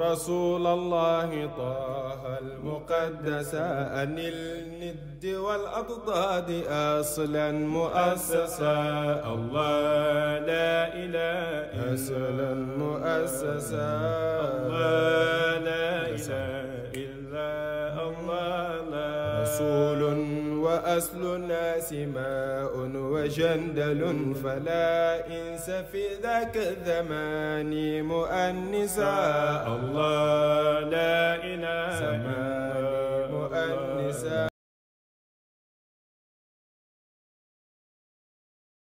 رسول الله طه المقدس أن الند والأضداد أصلا مؤسسا الله لا إله أصلا مؤسسا الله لا إله إلا الله رسول وأصل الناس ماء وجندل فلا إنس في ذاك الزمان مؤنسا الله لا إله إلا